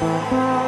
Música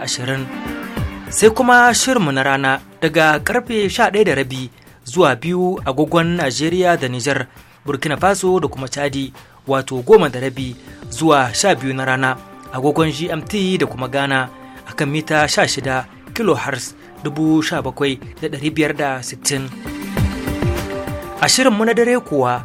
ashirin sai kuma shirmu na rana daga karfe rabi zuwa biyu agogon Najeriya da Nijar Burkina Faso da kuma Chadi wato goma da rabi zuwa sha biyu na rana agogon GMT da kuma Ghana akan mita 16 kHz 17,560 shirin mu na dare kuwa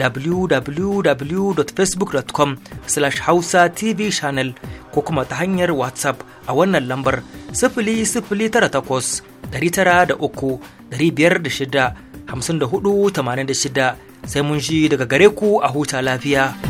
www.facebook.com slash hausa tv channel ko kuma ta hanyar whatsapp a wannan lambar sifili sifili da takwas ɗari tara uku biyar 86 sai mun shi daga gare ku a huta lafiya.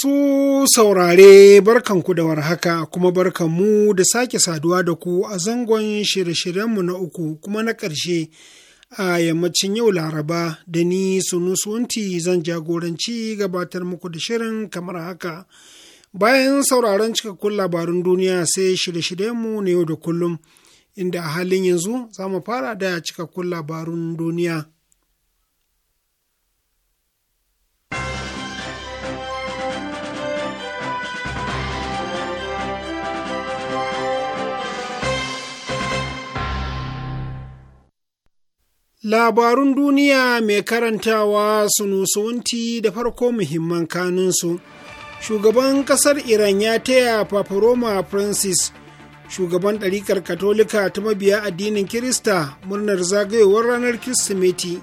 Masu saurare barkanku da warhaka kuma barkanmu da sake saduwa da ku a zangon shirye-shiryenmu na uku kuma na ƙarshe a yammacin yau Laraba da ni sunti zan jagoranci gabatar muku da shirin kamar haka. Bayan sauraron cikakkun labarun duniya sai shirye-shiryenmu na yau da kullum inda a halin yanzu za mu fara da cikakkun labarun duniya. Labarun duniya mai karantawa su sunusunti da farko muhimman kanunsu. Shugaban ƙasar Iran ya taya Paparoma Francis, shugaban ɗariƙar Katolika ta mabiya addinin Kirista murnar zagayowar ranar Kirsimeti.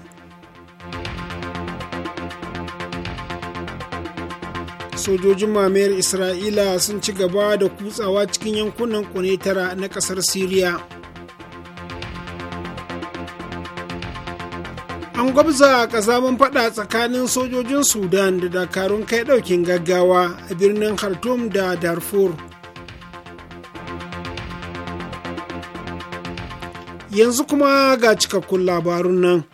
Sojojin mamayar Isra'ila sun ci gaba da kutsawa cikin yankunan tara na ƙasar Siriya. an gwabza kazamin fada tsakanin sojojin sudan da dakarun kai daukin gaggawa a birnin khartoum da darfur yanzu kuma ga cikakkun labarun nan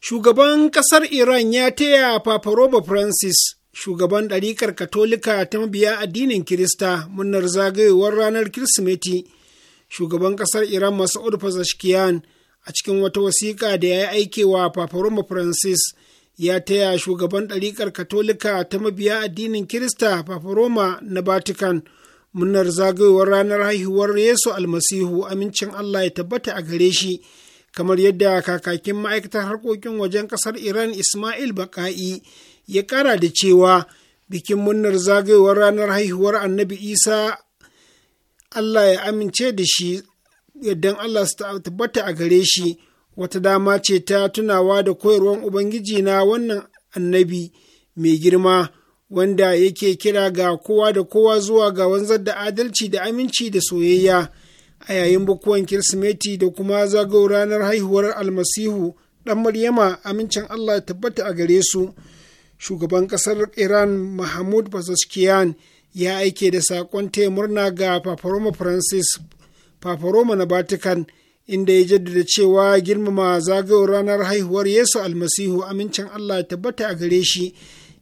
shugaban kasar iran ya taya paparoba francis shugaban ɗarikar katolika ta mabiya addinin kirista murnar zagayowar ranar kirsimeti shugaban kasar iran masa'ud pazashkiyan a cikin wata wasiƙa da ya yi aikewa Paparoma Francis ya taya shugaban ɗariƙar Katolika ta mabiya addinin Kirista Paparoma na Vatican munar zagayowar ranar haihuwar Yesu Almasihu amincin Allah ya tabbata a gare shi kamar yadda kakakin ma'aikatar harkokin wajen ƙasar Iran Ismail Baka'i ya ƙara da cewa bikin murnar zagayowar ranar haihuwar Annabi Isa Allah ya amince da shi yardan Allah su tabbata a gare shi wata dama ce ta tunawa da koyarwan Ubangiji na wannan annabi mai girma wanda yake kira ga kowa da kowa zuwa ga wanzar da adalci da aminci da soyayya a yayin bukuwan Kirsimeti da kuma zagayowar ranar haihuwar almasihu ɗan Maryama amincin Allah tabbata a gare su. Shugaban ƙasar Iran Mahmud Bazaskiyan ya aike da saƙon murna ga Papa Francis fafaroma na Vatican inda ya jaddada cewa girmama zagayowar ranar haihuwar Yesu almasihu amincin Allah ya tabbata a gare shi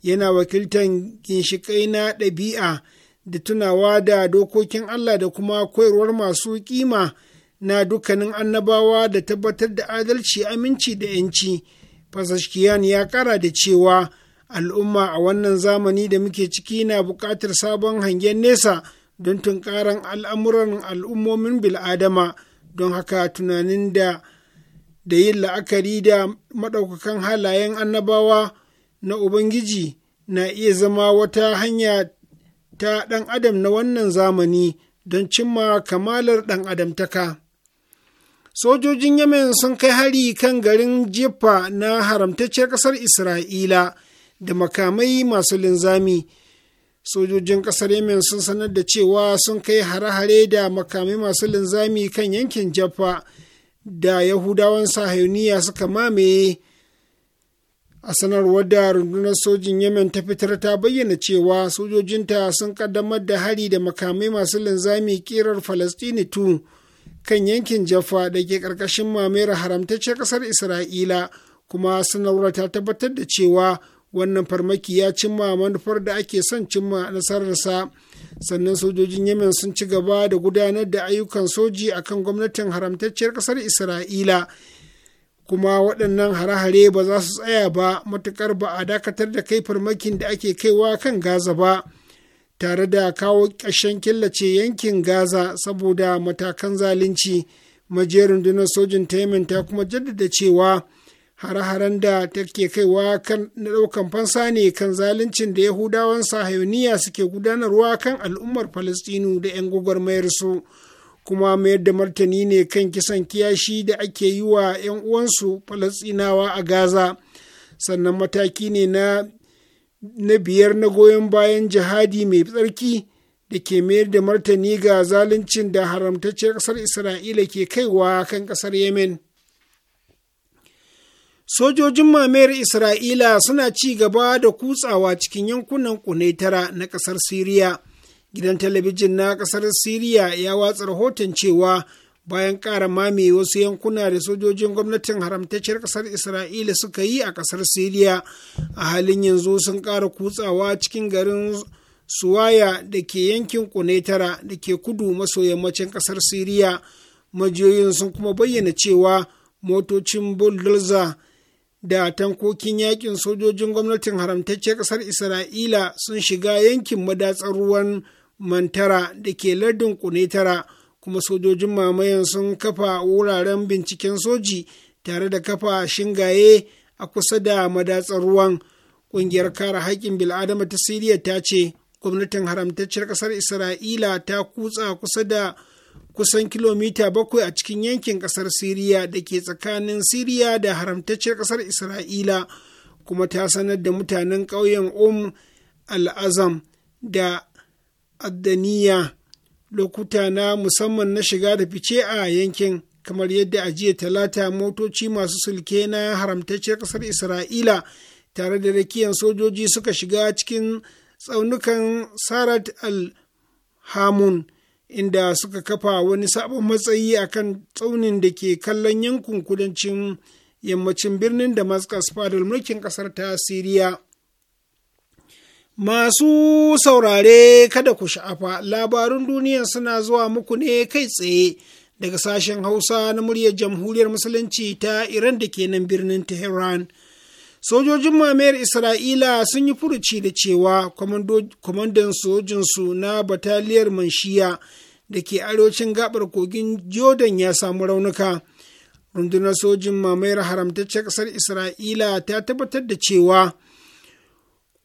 yana wakiltan ginshiƙai na ɗabi'a da tunawa da dokokin Allah da kuma koyarwar masu kima na dukkanin annabawa da tabbatar da adalci aminci da ‘yanci. Fasashkiyan ya kara da cewa al'umma a wannan zamani da muke ciki na buƙatar sabon hangen nesa. don tunkaran al'amuran al'ummomin bil'adama don haka tunanin da da yin la'akari da maɗaukakan halayen annabawa na ubangiji na iya zama wata hanya ta ɗan adam na wannan zamani don cimma kamalar ɗan adamtaka. sojojin yemen sun kai hari kan garin jefa na haramtacciyar ƙasar isra'ila da makamai masu linzami sojojin ƙasar yemen sun sanar da cewa sun kai hare-hare da makamai masu linzami kan yankin jaffa da yahudawan sahayuniya suka mamaye a sanarwar da rundunar sojin yemen ta fitar ta bayyana cewa sojojinta sun kaddamar da hari da makamai masu linzami kirar falastini 2 kan yankin jaffa da ke ƙarƙashin mamayar haramtaccen ƙasar isra'ila kuma sanarwar ta tabbatar da cewa wannan farmaki ya cimma manufar da ake son cimma nasararsa sannan sojojin yemen sun ci gaba da gudanar da ayyukan soji akan gwamnatin haramtacciyar ƙasar isra'ila kuma waɗannan hare-hare ba za su tsaya ba matuƙar ba a dakatar da kai farmakin da ake kaiwa kan gaza ba tare da kawo ƙashen killace yankin gaza saboda matakan zalunci majiyar rundunar sojin taimin ta kuma jaddada cewa hare-haren da take kaiwa kan na ɗaukan fansa ne kan zaluncin da yahudawan sahayoniya suke gudanarwa kan al'ummar falastinu da 'yan gwagwarmayar su kuma mayar da martani ne kan kisan kiyashi da ake yi wa 'yan uwansu falastinawa a gaza sannan mataki ne na na biyar na goyon bayan jihadi mai tsarki da ke mayar da martani ga zaluncin da haramtacciyar ƙasar isra'ila ke kaiwa kan ƙasar yemen Sojojin mamayar Isra'ila suna ci gaba da kutsawa cikin yankunan kunaitara na ƙasar Siriya. Gidan talabijin na ƙasar Siriya ya watsa rahoton cewa bayan ƙara mame wasu yankuna da sojojin gwamnatin haramtacciyar ƙasar Isra'ila suka yi a ƙasar Siriya, a halin yanzu sun ƙara kutsawa cikin garin Suwaya da ke yankin Kunetara da ke kudu maso yammacin ƙasar Siriya. Majiyoyin sun kuma bayyana cewa motocin bulldozer da tankokin yakin sojojin gwamnatin haramtacciyar ƙasar isra'ila sun shiga yankin madatsar ruwan mantara da ke lardin kunetara kuma sojojin mamayan sun kafa wuraren binciken soji tare da kafa shingaye a kusa da madatsar ruwan ƙungiyar kare haƙƙin bil'adama ta siriya ta ce gwamnatin haramtacciyar ƙasar isra'ila ta kutsa kusa da kusan kilomita bakwai a cikin yankin kasar Siriya da ke tsakanin Siriya da haramtacciyar kasar Isra'ila, kuma ta sanar da mutanen ƙauyen Um al'azam da addaniya lokuta na musamman na shiga da fice a yankin kamar yadda a jiya talata motoci masu sulke na haramtacciyar kasar isra'ila tare da rakiyan sojoji suka shiga cikin tsaunukan sarat al-hamun inda suka kafa wani sabon matsayi a kan tsaunin da ke kallon yankin kudancin yammacin birnin damascus fadar mulkin kasar ta siriya masu saurare kada ku sha'afa labarun duniya suna zuwa muku ne kai tsaye daga sashen hausa na muryar jamhuriyar musulunci ta iran da ke nan birnin tehran sojojin mamayar isra'ila sun yi furuci da cewa kwamandan sojinsu na bataliyar manshiya da ke arewacin gabar kogin jordan ya samu raunuka rundunar sojin mamayar haramtaccen ƙasar isra'ila ta tabbatar da cewa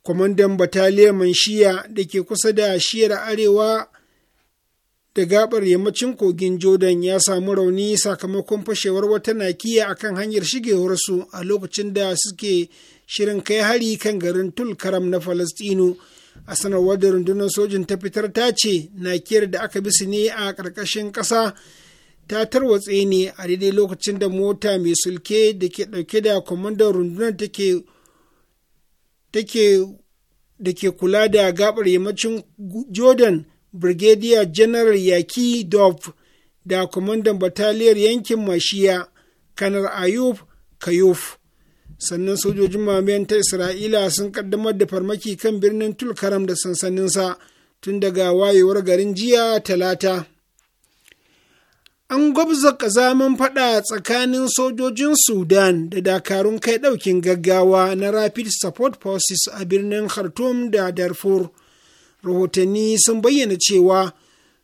kwamandan bataliyar manshiya da ke kusa da shiyar arewa da gabar yammacin kogin jordan ya samu rauni sakamakon fashewar wata nakiya akan hanyar shigewar su a lokacin da suke shirin kai hari kan garin tulkaram na falastinu a sanarwar da rundunar sojin ta fitar ta ce nakiyar da aka bi su ne a ƙarƙashin ƙasa ta tarwatse ne a daidai lokacin da mota mai sulke da ke ɗauke da kwamandan rundunar da ke kula da gabar yammacin jordan brigadier general yaki dov da kwamandan bataliyar yankin mashiya kanar ayub kayuf sannan sojojin mamayan ta isra'ila sun kaddamar da farmaki kan birnin tulkaram da sansaninsa tun daga wayewar garin jiya talata an gwabza kazamin fada tsakanin sojojin sudan da dakarun kai ɗaukin gaggawa na rapid support forces a birnin khartoum da darfur rahotanni sun bayyana cewa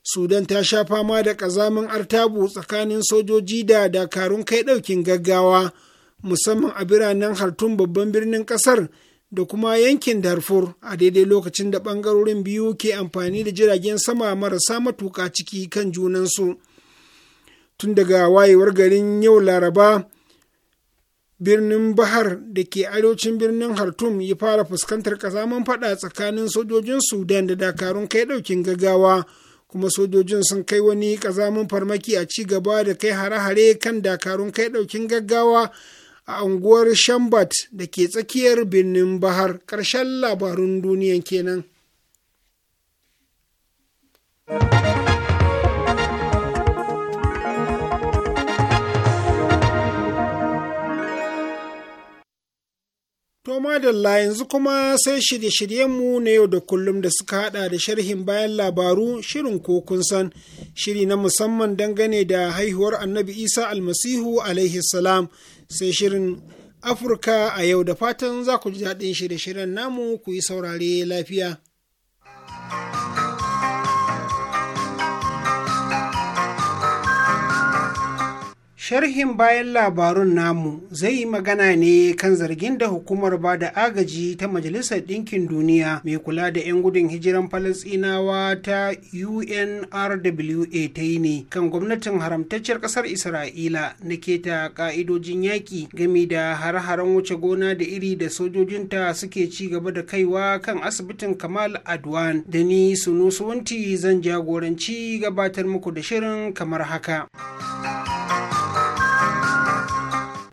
sudan ta sha fama da ƙazamin artabu tsakanin sojoji da dakarun kai ɗaukin gaggawa musamman a biranen hartun babban birnin ƙasar da kuma yankin darfur a daidai lokacin da ɓangarorin biyu ke amfani da jiragen sama marasa matuƙa ciki kan junansu tun daga wayewar garin yau laraba birnin bahar da ke arewacin birnin hartum ya fara fuskantar kazaman fada tsakanin sojojin sudan da dakarun kai daukin gaggawa kuma sojojin sun kai wani kazamin farmaki a ci gaba da kai hare-hare kan dakarun kai ɗaukin gaggawa a unguwar shambat da ke tsakiyar birnin bahar ƙarshen labarun duniyan kenan. To madalla yanzu kuma sai shirye-shiryenmu na yau da kullum da suka hada da sharhin bayan labaru shirin ko kun san shiri na musamman dangane da haihuwar annabi Isa almasihu alaihi salam sai shirin Afirka a yau da fatan za ku ji daɗin shirye-shiryen namu ku yi saurare lafiya. Sharhin bayan labarun namu zai yi magana ne kan zargin da hukumar ba da agaji ta Majalisar Ɗinkin Duniya mai kula da 'yan gudun hijiran Falasinawa ta UNRWA ta yi ne kan gwamnatin haramtacciyar ƙasar Isra'ila na keta ƙa'idojin yaƙi game da har-haren wuce gona da iri da sojojinta suke ci gaba da kaiwa kan asibitin Kamal Adwan da ni Sunusuwanti zan jagoranci gabatar muku da shirin kamar haka.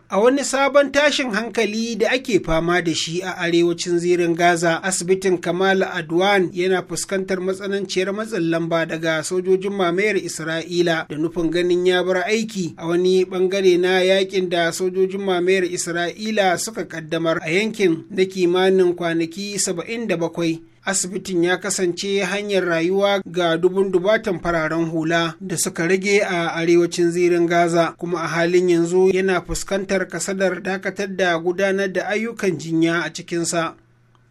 a wani sabon tashin hankali da ake fama da shi a arewacin zirin Gaza, asibitin Kamal Adwan yana fuskantar matsananciyar matsin lamba daga sojojin mamayar Isra'ila da nufin ganin ya bar aiki a wani bangare na yakin da sojojin mamayar Isra'ila suka kaddamar a yankin na kimanin kwanaki 77. asibitin ya kasance hanyar rayuwa ga dubun dubatan fararen hula da suka rage a arewacin zirin gaza kuma a halin yanzu yana fuskantar kasadar dakatar da gudanar da ayyukan jinya a cikinsa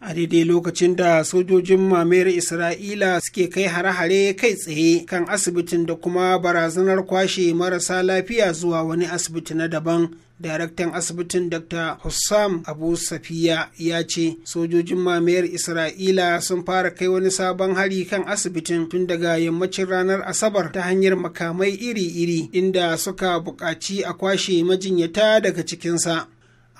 a daidai lokacin da sojojin mamayar isra'ila suke kai hare-hare kai tsaye kan asibitin da kuma barazanar kwashe marasa lafiya zuwa wani asibiti na daban daraktan asibitin dr hussam abu safiya ya ce sojojin mamayar isra'ila sun fara kai wani sabon hari kan asibitin tun daga yammacin ranar asabar ta hanyar makamai iri-iri inda suka buƙaci a kwashe majinyata daga cikinsa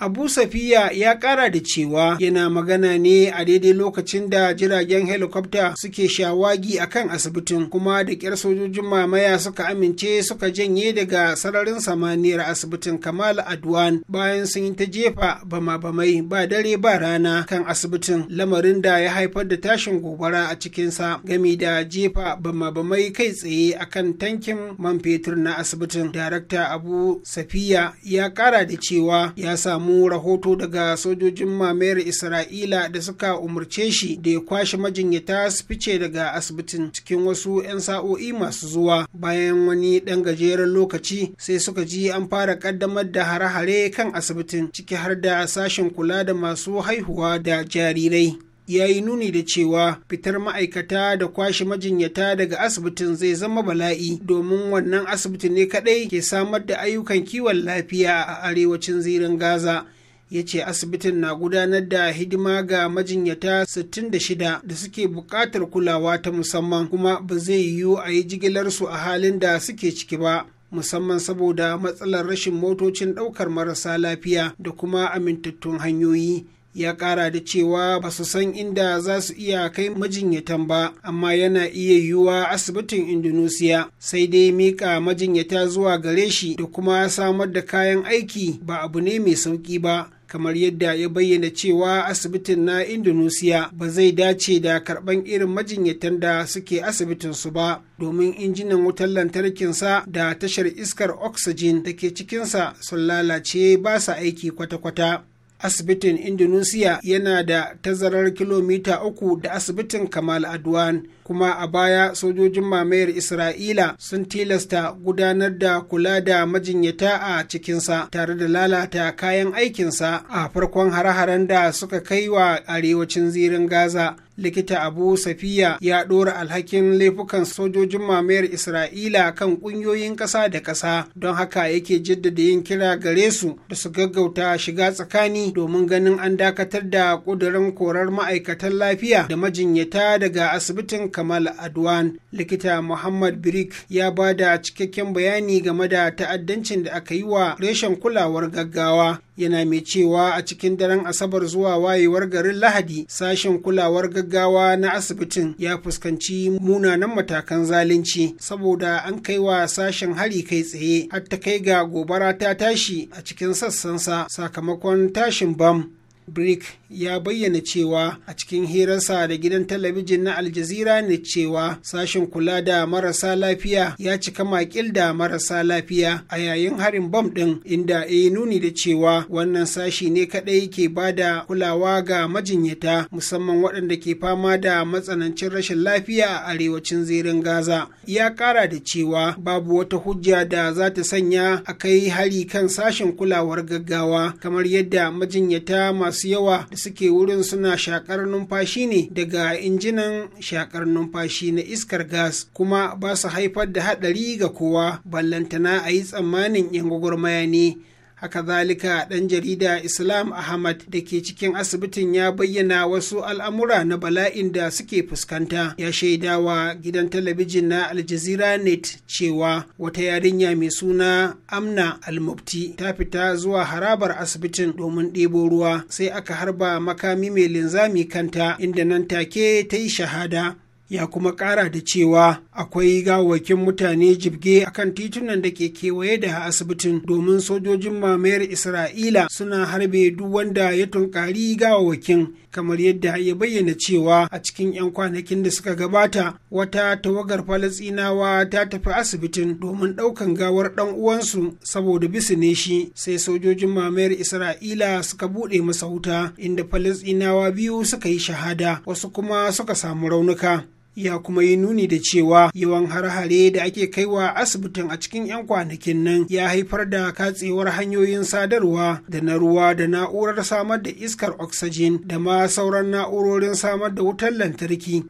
abu safiya ya kara da cewa yana magana ne a daidai lokacin da jiragen helikwafta suke shawagi a kan asibitin kuma da kyar sojojin mamaya suka amince suka janye daga sararin samaniyar asibitin kamal adwan bayan sun yi ta jefa bama-bamai ba dare ba rana kan asibitin lamarin da ya haifar da tashin gobara a cikinsa gami da jefa bama-bamai kai tsaye a kan tankin man fetur na asibitin darakta abu safiya ya kara da cewa ya samu samu rahoto daga sojojin mamayar isra'ila da suka umarce shi da ya kwashe majinyata su fice daga asibitin cikin wasu 'yan sa'o'i masu zuwa bayan wani ɗan gajeren lokaci sai suka ji an fara ƙaddamar da hare-hare kan asibitin ciki har da sashen kula da masu haihuwa da jarirai ya yi nuni da cewa fitar ma'aikata da kwashe majinyata daga asibitin zai zama bala'i domin wannan asibitin ne kadai ke samar da ayyukan kiwon lafiya a arewacin zirin gaza ya ce asibitin na gudanar da hidima ga majinyata 66 da suke buƙatar kulawa ta musamman kuma ba zai yiwu a yi jigilarsu a halin da suke ciki ba musamman saboda matsalar rashin motocin ɗaukar marasa lafiya da kuma amintattun hanyoyi ya kara da cewa ba su san inda za su iya kai majinyatan ba amma yana iya yiwuwa asibitin indonesia sai dai mika majinyata zuwa gare shi da kuma samar da kayan aiki ba abu ne mai sauki ba kamar yadda ya bayyana cewa asibitin na indonesia ba zai dace da karban irin majinyatan da suke asibitinsu ba domin injinan wutar lantarkinsa da tashar iskar oxygen da ke cikinsa sun lalace ba sa aiki kwata-kwata asibitin indonesia yana da tazarar kilomita uku da asibitin kamal adwan kuma a baya sojojin mamayar isra'ila sun tilasta gudanar da kula da majinyata a cikinsa tare da lalata kayan aikinsa a farkon hare-haren da suka kai wa arewacin zirin gaza likita abu safiya ya ɗora alhakin laifukan sojojin mamayar isra'ila kan ƙungiyoyin ƙasa da ƙasa don haka yake jaddada yin kira gare su da su gaggauta shiga tsakani domin ganin an dakatar da ƙudurin korar ma'aikatan lafiya da majinyata daga asibitin kamal adwan likita muhammad birik ya ba da cikakken bayani game da ta'addancin da aka yi wa reshen kulawar gaggawa yana mai cewa a cikin daren asabar zuwa wayewar garin lahadi sashen kulawar gaggawa na asibitin ya fuskanci munanan matakan zalunci saboda an kai wa sashen hari kai tsaye har ta kai ga gobara ta tashi a cikin sassansa sakamakon tashin bam brick ya bayyana cewa a cikin hirarsa da gidan talabijin na aljazira ne cewa sashen kula da marasa lafiya ya cika makil da marasa lafiya a yayin harin bom ɗin inda ya yi nuni da cewa wannan sashi ne kaɗai ke ba da kulawa ga majinyata musamman waɗanda ke fama da matsanancin rashin lafiya a arewacin zirin gaza ya ƙara da cewa babu wata hujja da za ta sanya a kai hari kan sashin kulawar gaggawa kamar yadda majinyata masu yawa suke wurin suna shakar numfashi ne daga injinan shakar numfashi na iskar gas kuma ba su haifar da haɗari ga kowa ballantana a yi tsammanin 'yan gwagwarmaya ne haka zalika ɗan jarida islam ahmad da ke cikin asibitin ya bayyana wasu al'amura na bala'in da suke fuskanta ya shaidawa gidan talabijin na aljazeera net cewa wata yarinya mai suna amna almubti ta fita zuwa harabar asibitin domin ɗebo ruwa sai aka harba makami mai linzami kanta inda nan take ta yi shahada ya kuma kara da cewa akwai gawakin mutane jibge a kan titunan da ke kewaye da asibitin domin sojojin mamayar isra'ila suna harbe duk wanda ya tunkari gawakin kamar yadda ya bayyana cewa a cikin 'yan kwanakin da suka gabata wata tawagar falasinawa ta tafi asibitin domin ɗaukan gawar ɗan uwansu saboda bisu ne shi sai sojojin mamayar isra'ila suka buɗe masa wuta inda falasinawa biyu suka yi shahada wasu kuma suka samu raunuka ya kuma yi nuni da cewa yawan har-hare da ake kaiwa asibitin a cikin 'yan kwanakin nan ya haifar da katsewar hanyoyin sadarwa da na ruwa da na'urar samar da iskar oxygen da ma sauran na'urorin samar da wutar lantarki.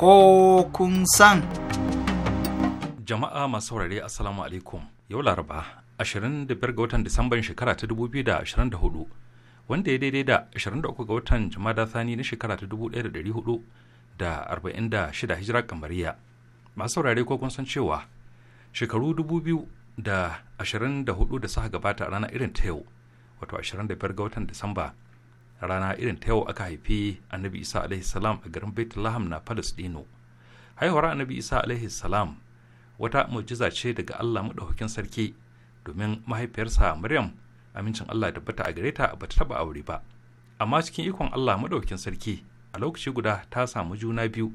Ko kun san. jama'a masu saurare assalamu alaikum yau laraba 25 ga watan disamban shekara ta 2024 wanda ya daidai da 23 ga watan jama'a thani na shekara ta 1446 hijira kamariya masu saurare ko kun san cewa shekaru 2024 da suka gabata a rana irin ta yau wato 25 ga watan disamba rana irin ta yau aka haifi annabi isa alaihi salam a garin bethlehem na Palace Dino. haihuwar annabi isa alaihi salam wata mu'jiza ce daga Allah maɗaukakin sarki domin mahaifiyarsa Maryam amincin Allah da bata a gare ta bata taba aure ba amma cikin ikon Allah maɗaukakin sarki a lokaci guda ta samu juna biyu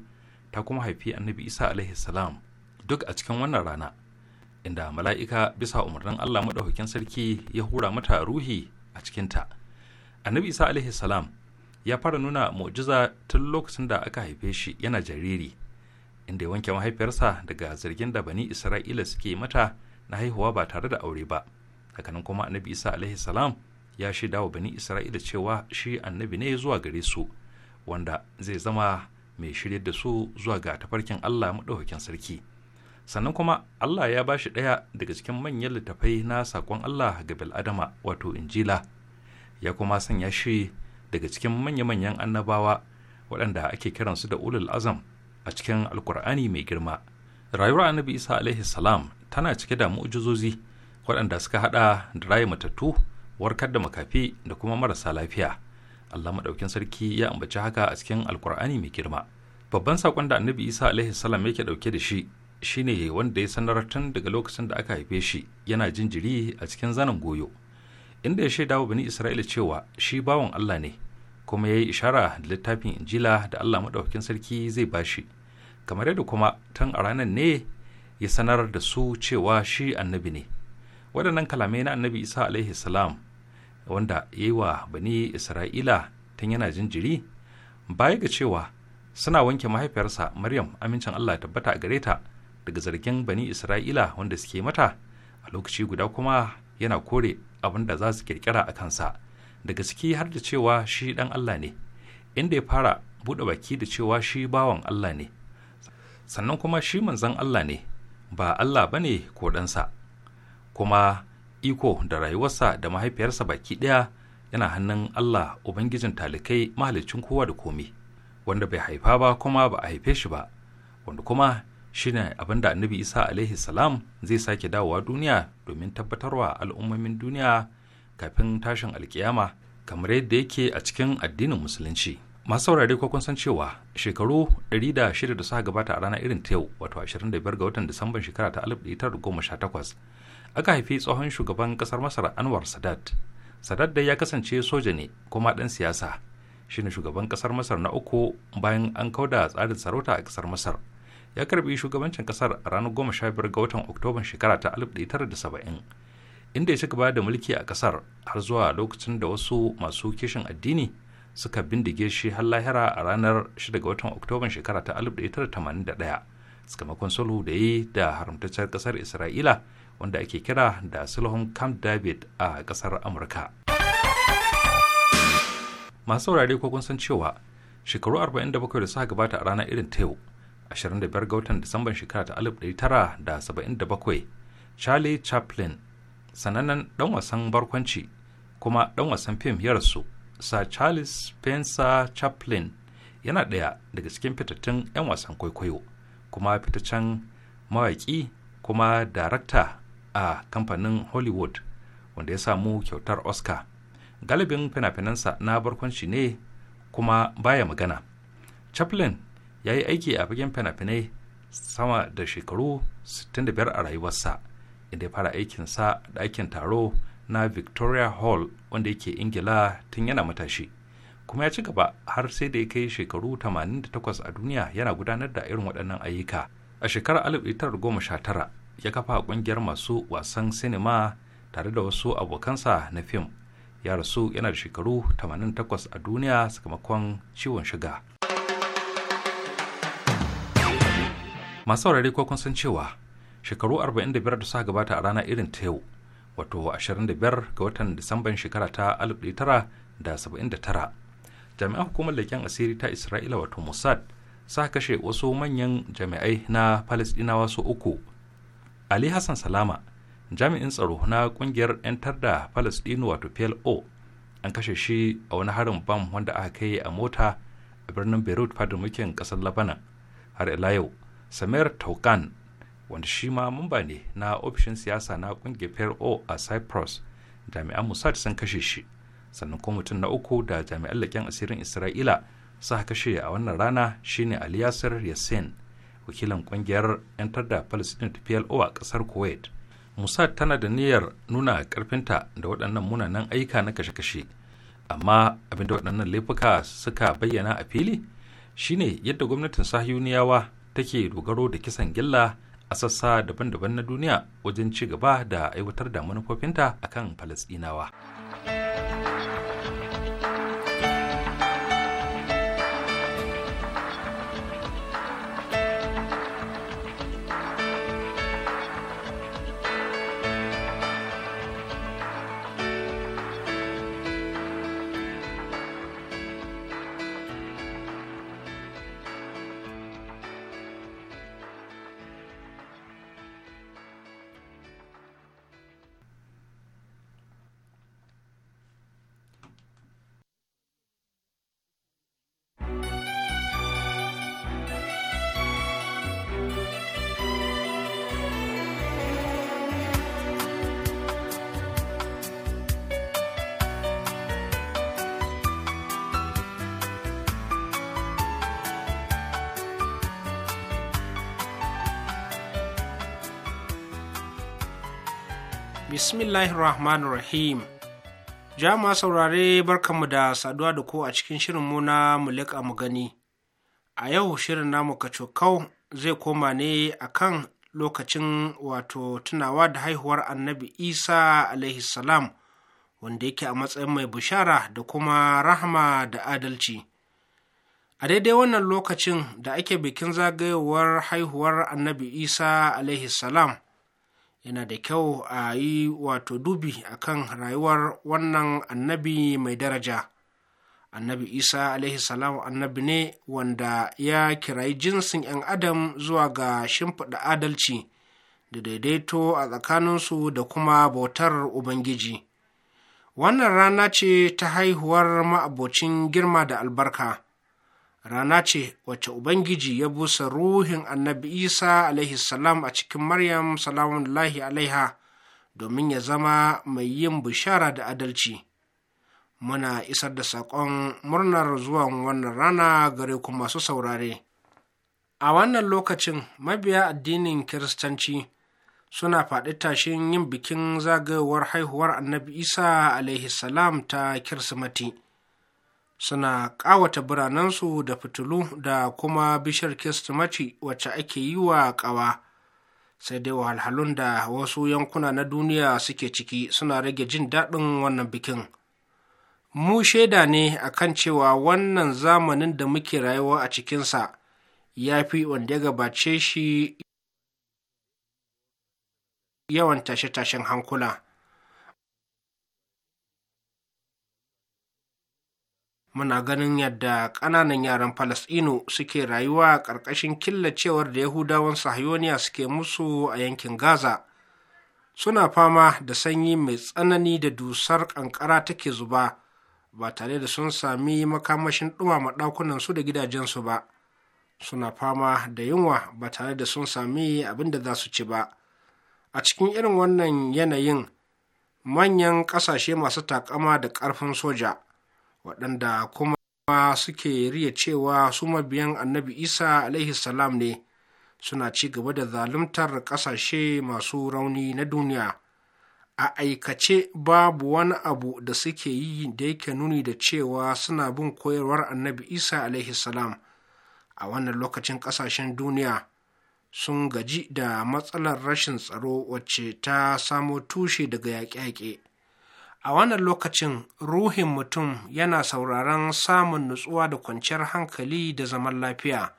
ta kuma haifi Annabi Isa alaihi salam duk a cikin wannan rana inda mala'ika bisa umarnin Allah maɗaukakin sarki ya hura mata ruhi a cikinta Annabi Isa alaihi salam ya fara nuna mu'jiza tun lokacin da aka haife shi yana jariri inda ya wanke mahaifiyarsa daga zargin da bani isra'ila suke mata na haihuwa ba tare da aure ba hakanan kuma annabi isa alaihi salam ya shaida wa bani isra'ila cewa shi annabi ne zuwa gare su wanda zai zama mai shirya da su zuwa ga tafarkin allah maɗaukakin sarki sannan kuma allah ya ba shi ɗaya daga cikin manyan littafai na saƙon allah ga bil'adama wato injila ya kuma sanya shi daga cikin manya-manyan annabawa waɗanda ake kiransu da ulul azam a cikin alkur'ani mai girma rayuwar annabi isa alaihi salam tana cike da mu'ujizozi waɗanda suka haɗa da raye matattu warkar da makafi da kuma marasa lafiya allah maɗaukin sarki ya ambaci haka a cikin alkur'ani mai girma babban saƙon da annabi isa alaihi salam yake ɗauke da shi shine wanda ya sanar tun daga lokacin da aka haife shi yana jinjiri a cikin zanen goyo inda ya shaida wa bani isra'ila cewa shi bawan allah ne kuma ya yi ishara da littafin injila da allah maɗaukin sarki zai bashi kamar yadda kuma tun a ranar ne ya sanar da su cewa shi annabi ne waɗannan kalamai na annabi isa alaihi salam wanda ya yi wa bani isra'ila tun yana jinjiri baya ga cewa suna wanke mahaifiyarsa maryam amincin allah ya tabbata a gare ta daga zargin bani isra'ila wanda suke mata a lokaci guda kuma yana kore abin da za su kirkira a kansa daga ciki har da cewa shi dan allah ne inda ya fara buɗe baki da cewa shi bawan allah ne sannan kuma shi manzan Allah ne ba Allah ba ne ko ɗansa kuma iko da rayuwarsa da mahaifiyarsa baki ɗaya yana hannun Allah Ubangijin talikai mahalicin kowa da komi wanda bai haifa ba kuma ba a haife shi ba wanda kuma shi ne abin da annabi isa alaihi salam zai sake dawowa duniya domin tabbatarwa al'ummomin duniya kafin tashin alkiyama kamar yadda yake a cikin addinin musulunci masu saurare ko kun san cewa shekaru 106 da suka gabata a ranar irin ta yau wato 25 ga watan disamban shekara ta 1918 aka haifi tsohon shugaban kasar masar anwar sadat sadat dai ya kasance soja ne kuma dan siyasa shine shugaban kasar masar na uku bayan an kauda tsarin sarauta a kasar masar ya karbi shugabancin kasar a ranar 15 ga watan oktoban shekara ta 1970 inda ya ci gaba da mulki a kasar har zuwa lokacin da wasu masu kishin addini suka bindige shi har lahira a ranar 6 ga watan oktoban shekara ta 1981 sakamakon sulhu da yi da haramtaccen kasar isra'ila wanda ake kira da sulhun camp david a kasar amurka masu saurare ko kun san cewa shekaru 47 da suka gabata a ranar irin ta yau 25 ga watan disamban shekara ta 1977 charlie chaplin sanannen dan wasan barkwanci kuma dan wasan fim ya rasu sir charles spencer chaplin yana ɗaya daga cikin fitattun 'yan wasan kwaikwayo kuma fitaccen mawaƙi kuma darakta a kamfanin hollywood wanda ya samu kyautar oscar galibin fina-finansa na barkwanci ne kuma baya magana chaplin ya yi aiki a fagen fina-finai sama da shekaru 65 a rayuwarsa inda ya fara aikinsa da aikin taro na victoria hall wanda yake ingila tun yana matashi kuma ya ci gaba har sai da ya kai shekaru 88 a duniya yana gudanar da irin waɗannan ayyuka a shekarar 1919 ya kafa ƙungiyar masu wasan sinima tare da wasu abokansa na fim ya rasu yana da shekaru 88 a duniya sakamakon ciwon shiga masu saurari ko kun san cewa shekaru 45 da suka gabata a rana irin ta yau wato 25 ga watan disamban shekara ta 1979 jami'an hukumar leken asiri ta isra'ila wato mossad sa kashe wasu manyan jami'ai na palestinawa su uku ali hassan salama jami'in tsaro na kungiyar 'yantar da palestino wato plo an kashe shi a wani harin bam wanda aka kai a mota a birnin beirut fadimukin ƙasar labanan har ila yau samir taukan wanda shi ma mamba ne na ofishin siyasa na kungiyar PRO a Cyprus jami'an Mossad sun kashe shi sannan kuma mutum na uku da jami'an laƙen asirin Isra'ila suka kashe a wannan rana shine Ali Yasser Yassin wakilan kungiyar 'yantar da Palestine ta PLO a kasar Kuwait Mossad tana da niyyar nuna karfinta da waɗannan munanan aika na kashe-kashe amma abinda waɗannan laifuka suka bayyana a fili shine yadda gwamnatin sahiyuniyawa take dogaro da kisan gilla a sassa daban-daban na duniya wajen ci gaba da aiwatar da manufofinta akan falasɗinawa. rahim. Jama saurare barkanmu da saduwa da ku a cikin shirin na Mulika mu gani. A yau shirin namu kacokau zai koma ne akan lokacin wato tunawa da haihuwar annabi Isa alaihi salam wanda yake a matsayin mai bishara da kuma rahama da adalci. A daidai wannan lokacin da ake bikin zagayowar haihuwar annabi Isa alaihi salam. yana da kyau a yi wato dubi akan rayuwar wannan annabi mai daraja annabi isa alaihi salam annabi ne wanda ya kirayi jinsin 'yan adam zuwa ga shimfiɗa adalci da daidaito a tsakaninsu da kuma bautar ubangiji wannan rana ce ta haihuwar ma'abocin girma da albarka rana ce wacce ubangiji ya busa ruhin annabi isa alaihi salam a cikin maryam lahi alaiha domin ya zama mai yin bishara da adalci muna isar da saƙon murnar zuwan wannan rana gare ku masu saurare a wannan lokacin mabiya addinin kiristanci suna faɗi tashin yin bikin zagayowar haihuwar annabi isa alaihi salam ta kirsimati suna kawata biranensu da fitilu da kuma bishar kistimaci wacce ake yi wa ƙawa sai dai wahalhalun da wasu yankuna na duniya suke ciki suna rage jin daɗin wannan bikin mu shaida ne akan cewa wannan zamanin da muke rayuwa a cikinsa ya fi wanda ya gabace shi yawan tashe-tashen hankula muna ganin yadda ƙananan yaran falasɗinu suke rayuwa ƙarƙashin killacewar da yahudawan sahiyoniya suke musu a yankin gaza suna fama da sanyi mai tsanani da dusar ƙanƙara take zuba ba tare da sun sami makamashin ɗumama ɗakunansu da gidajensu ba suna fama da yunwa ba tare da sun sami abin da za su ci ba a cikin irin wannan yanayin manyan ƙasashe masu takama da ƙarfin soja waɗanda kuma suke riya cewa su mabiyan annabi isa alaihi salam ne suna ci gaba da zaluntar ƙasashe masu rauni na duniya a aikace babu wani abu da suke yi da yake nuni da cewa suna bin koyarwar annabi isa alaihi salam a wannan lokacin ƙasashen duniya sun gaji da matsalar rashin tsaro wacce ta samo tushe daga yaƙe-yaƙe a wannan lokacin ruhin mutum yana sauraron samun nutsuwa da kwanciyar hankali da zaman lafiya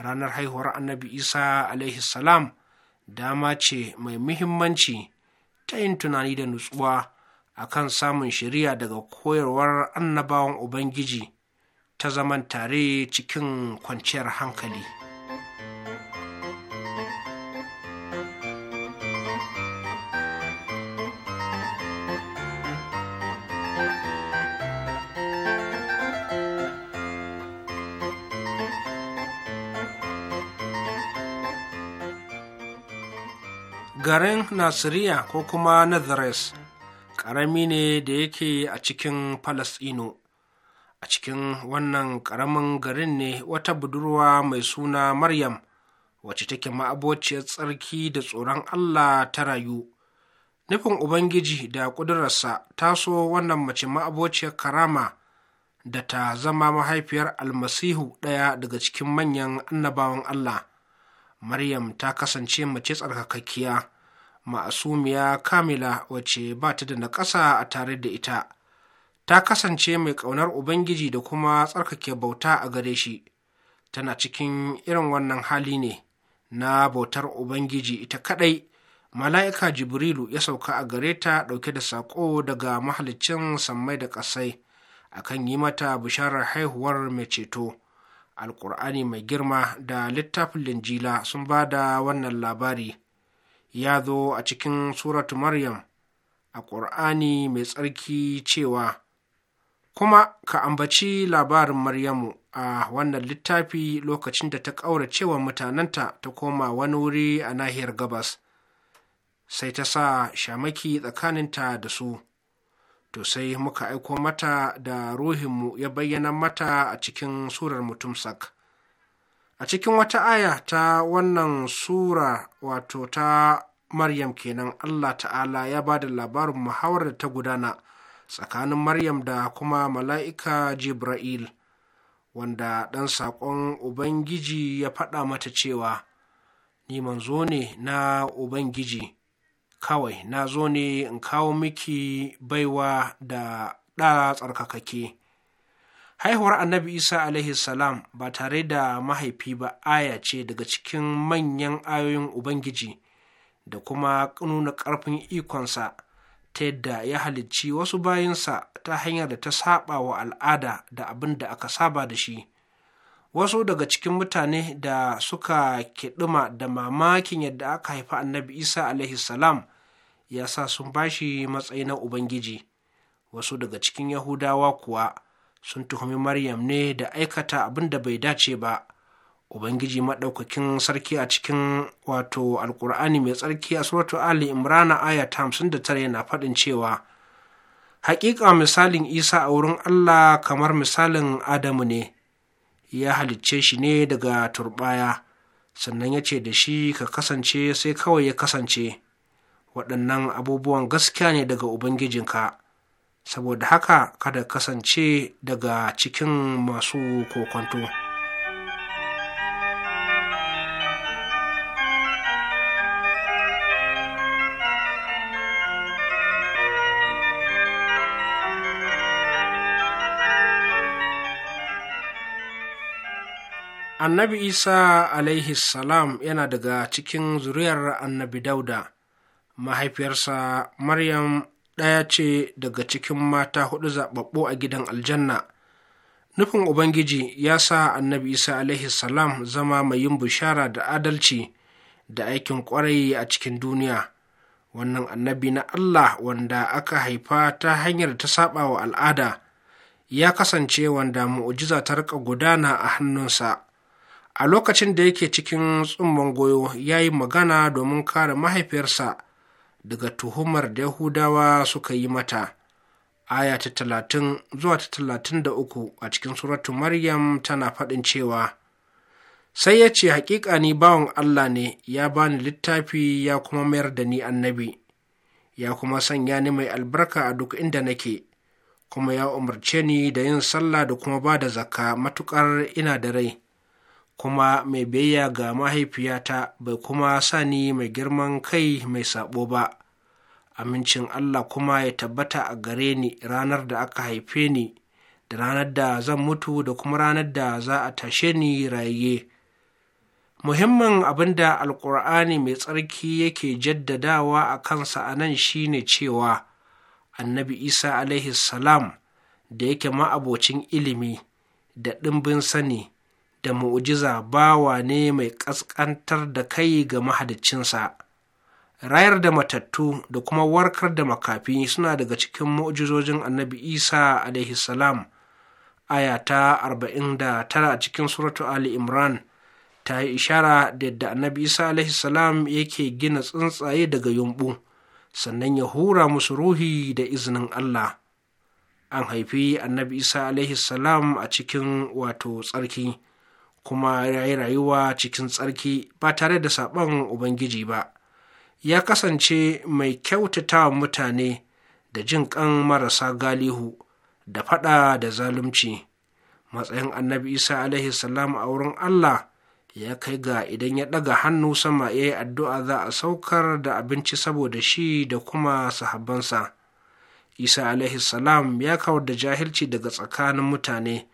ranar haihuwar annabi isa alaihi salam dama ce mai muhimmanci ta yin tunani da nutsuwa a kan samun shiriya daga koyarwar annabawan ubangiji ta zaman tare cikin kwanciyar hankali. garin nasiriya ko kuma nazares ƙarami ne da yake a cikin Falasɗinu. a cikin wannan ƙaramin garin ne wata budurwa mai suna maryam wacce take ma'abociyar tsarki da tsoron allah ta rayu nufin ubangiji da ƙudurarsa ta so wannan mace ma'abociyar karama da ta zama mahaifiyar almasihu ɗaya daga cikin manyan annabawan allah maryam ta kasance mace tsarkakakkiya ma'asumiya kamila wace ba ta da naƙasa a tare da ita ta kasance mai ƙaunar ubangiji da kuma tsarkake bauta a gare shi tana cikin irin wannan hali ne na bautar ubangiji ita kaɗai mala'ika jibrilu ya sauka a gare ta ɗauke da saƙo daga mahalicin sammai da ƙasai akan yi mata bisharar haihuwar mai ceto alƙur'ani mai girma da littafin linjila sun ba da wannan labari ya zo a cikin suratu Maryam a ƙur'ani mai tsarki cewa, Kuma ka ambaci labarin Maryamu a wannan littafi lokacin da ta ƙauracewa mutanenta ta koma wani wuri a nahiyar gabas, sai ta sa shamaki tsakaninta da su. To sai muka aiko mata da ruhinmu ya bayyana mata a cikin surar mutum sak. a cikin wata aya ta wannan sura wato ta maryam kenan allah ta'ala ya ba da labarin Muhawarar ta gudana tsakanin maryam da kuma mala'ika jibra'il wanda ɗan saƙon ubangiji ya faɗa mata cewa ni manzo ne na ubangiji kawai na zo ne in kawo miki baiwa da ɗa tsarkakake haihuwar annabi isa alaihi salam ba tare da mahaifi ba aya ce daga cikin manyan ayoyin ubangiji da kuma nuna ƙarfin ikonsa ta yadda ya halicci wasu bayansa ta hanyar da ta saba wa al'ada da abin da aka saba da shi wasu daga cikin mutane da suka kiɗima da mamakin yadda aka haifi annabi isa alaihi salam ya sa sun bashi matsayi na ubangiji wasu daga cikin yahudawa kuwa sun tuhumi maryam ne da aikata abin da bai dace ba ubangiji maɗaukakin sarki a cikin wato Alƙur'ani mai tsarki a suratu ali imrana aya ta hamsin da tare yana faɗin cewa haƙiƙa misalin isa a wurin allah kamar misalin adamu ne ya halicce shi ne daga turɓaya sannan ya ce da shi ka kasance sai kawai ya kasance waɗannan abubuwan gaskiya ne daga ubangijinka saboda haka kada kasance daga cikin masu kokonto. Annabi Isa alaihi salam yana daga cikin zuriyar annabi Dauda, mahaifiyarsa Maryam ɗaya ce daga cikin mata hudu zaɓaɓɓu a gidan aljanna nufin ubangiji ya sa annabi isa alaihi salam zama mai yin bishara da adalci da aikin ƙwarai a cikin duniya wannan annabi na allah wanda aka haifa ta hanyar ta saba wa al'ada ya kasance wanda mu'ujiza ta rika gudana a hannunsa a lokacin da yake cikin tsumman goyo ya yi magana domin kare mahaifiyarsa daga tuhumar da yahudawa suka yi mata aya ta talatin zuwa ta talatin da uku a cikin suratu maryam tana faɗin cewa sai ya ce hakika ni bawan allah ne ya bani littafi ya kuma mayar da ni annabi ya kuma sanya ni mai albarka a duk inda nake kuma ya umarce ni da yin sallah da kuma ba da zakka matuƙar ina da rai kuma mai biyayya ga mahaifiyata bai kuma sani mai girman kai mai sabo ba amincin allah kuma ya tabbata a gare ni ranar da aka haife ni da ranar da zan mutu da kuma ranar da za a tashe ni raye muhimmin abin da alkur'ani mai tsarki yake jaddadawa a kansa a nan shine cewa annabi isa alaihi salam da yake ma'abocin ilimi da ɗimbin sani da mu'ujiza bawa ne mai ƙasƙantar da kai ga mahaliccinsa. rayar da matattu da kuma warkar da makafi suna daga cikin mu'jizojin annabi isa alaihi salam aya ta tara a cikin suratu ali imran ta yi ishara da yadda annabi isa alaihi salam yake gina tsuntsaye daga yumbu sannan ya hura musu ruhi da izinin allah an haifi annabi isa alaihi a cikin wato tsarki kuma ya yi rayuwa cikin tsarki ba tare da saɓon ubangiji ba ya kasance mai kyautata mutane da jin ƙan marasa galihu da faɗa da zalunci matsayin annabi isa alaihi salam a wurin allah ya kai ga idan ya ɗaga hannu sama ya yi addu'a za a saukar da abinci saboda shi da kuma sahabbansa isa alaihi salam ya kawar da jahilci daga tsakanin mutane